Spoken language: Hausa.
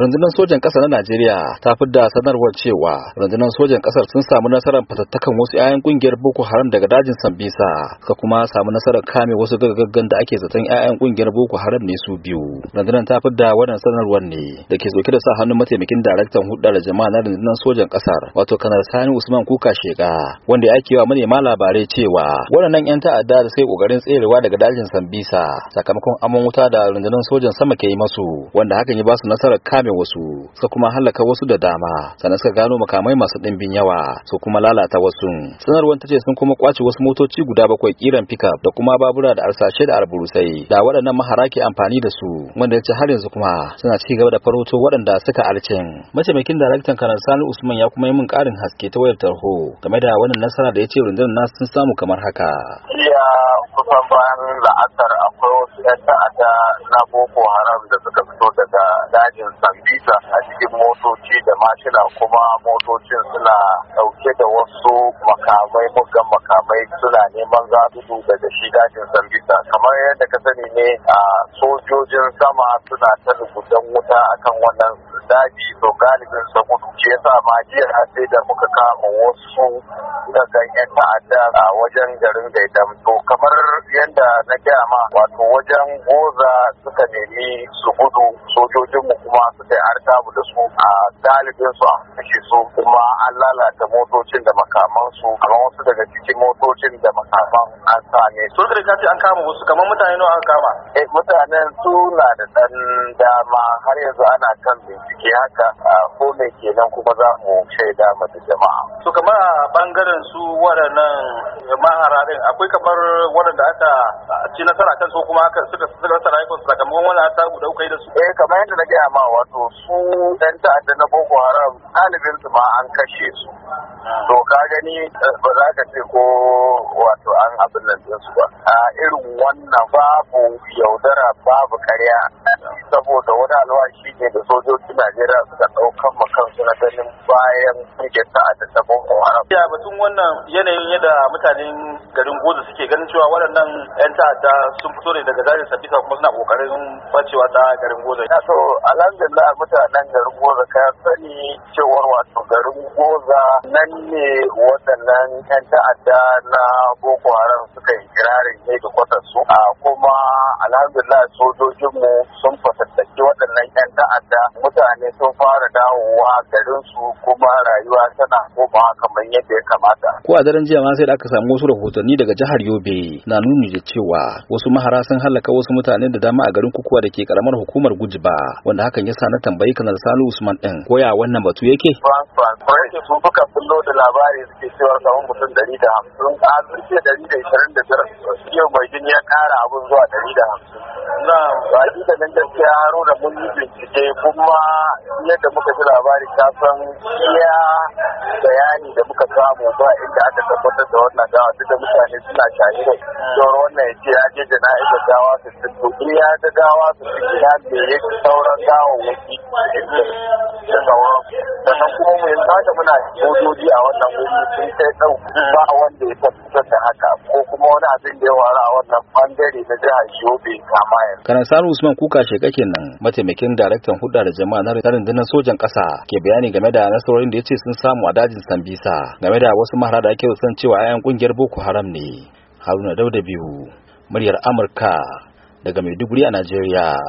rundunar sojan ƙasa na najeriya ta fidda sanarwar cewa rundunar sojan ƙasar sun samu nasarar fatattakan wasu 'ya'yan ƙungiyar boko haram daga dajin sambisa ka kuma samu nasarar kame wasu gaggaggan da ake zaton 'ya'yan ƙungiyar boko haram ne su biyu rundunar ta fidda wannan sanarwar ne da ke dauke da sa hannun mataimakin daraktan da jama'a na rundunar sojan ƙasar wato kanar sani usman kuka sheka wanda ya ake wa manema labarai cewa waɗannan 'yan ta'adda da sai ƙoƙarin tserewa daga dajin sambisa sakamakon amon wuta da rundunar sojan sama ke yi masu wanda hakan ya ba su nasarar kame wasu suka kuma halaka wasu da dama sannan suka gano makamai masu ɗimbin yawa su kuma lalata wasu sanarwar ta ce sun kuma kwace wasu motoci guda bakwai kiran pickup da kuma babura da arsashe da arburusai da waɗannan mahara ke amfani da su wanda ya ce har yanzu kuma suna ci gaba da farauto waɗanda suka arcin mataimakin daraktan kanar sani usman ya kuma yi min ƙarin haske ta wayar tarho game da wannan nasara da ya ce rundunar nasu sun samu kamar haka kusan bayan la'asar akwai wasu 'yan ta'adda na boko haram da suka fito daga dajin sambisa a cikin motoci da mashina kuma motocin suna dauke da wasu makamai muggan makamai suna neman zaɓudu daga shi dajin sambisa kamar yadda ka sani ne a sojojin sama suna ta rubutan wuta akan wannan daji to galibin sa gudu shi yasa ma jiya sai da muka kama wasu daga yan ta'adda a wajen garin Gaidam to kamar yadda na gaya ma wato wajen goza suka nemi su gudu sojojin mu kuma suka yi artabu da su a galibin su a kashe su kuma an lalata motocin da makaman su kamar wasu daga cikin motocin cin da makaman an same su da ka ce an kama wasu kamar mutane nawa aka kama eh mutanen su na da dan dama har yanzu ana kan bincike haka ko me kenan kuma za mu shaida mata jama'a su kamar a bangaren su waɗannan mahara din akwai kamar waɗanda aka ci nasara kan su kuma aka suka suka rasa rayukansu sakamakon wani ta guda kuka yi da su eh kamar yadda na gaya ma wato su ta ta'adda na boko haram su ma an kashe su hmm. to ka gani eh, ba za ka ce ko wato an abin nan ba a irin wannan babu yaudara babu karya saboda wani alwashi ne da sojoji Najeriya suka ɗaukan makan suna ganin bayan suke sa'a da sabon Haram. Ya batun wannan yanayin yadda mutanen garin Goza suke ganin cewa waɗannan 'yan ta'adda sun fito ne daga zarin Sabisa kuma suna ƙoƙarin bacewa ta garin Goza. Ya so alhamdulillah mutanen garin Goza ka sani cewar wato garin Goza nan ne waɗannan 'yan ta'adda na Boko Haram suka yi kirarin ne da kwatarsu. Kuma alhamdulillah mu sun fata ɗauki waɗannan 'yan ta'adda mutane sun fara dawowa garinsu kuma rayuwa tana koma kamar yadda ya kamata. Ko a daren jiya ma sai da aka samu wasu rahotanni daga jihar Yobe na nuni da cewa wasu mahara sun halaka wasu mutane da dama a garin Kukuwa da ke karamar hukumar Gujiba wanda hakan ya sa na tambayi kanar Salu Usman ɗin ko ya wannan batu yake. sun buka fullo da labari suke cewa kamar mutum ɗari da hamsin a zuciya ɗari da ishirin da biyar yau mai ya ƙara abin zuwa da hamsin. Na ba da nan gaskiya zauna mun yi bincike kuma yadda muka ji labari ta san iya bayani da muka samu ba inda aka tabbatar da wannan gawa duk da mutane suna shahira don wannan ya ce ya je jana'iza gawa su tuttu ya ga gawa su tuttu ya ce ya ci sauran gawa wani da sauran sannan kuma mu yanzu haka muna sojoji a wannan wuri sun kai ɗau ba wanda ya tabbatar da haka ko kuma kuma wani abin da ya wara a wannan bangare na jihar Yobe kama yanzu. Kanan Sani Usman Kuka Sheka nan. mataimakin daraktan hudu da jama'a na rundunar sojan ƙasa ke bayani game da nasarorin da ya ce sun samu a dajin Sambisa game da wasu mahara da ake san cewa 'ya'yan kungiyar Boko Haram ne. Haruna Dauda biyu muryar Amurka daga Maiduguri a Najeriya.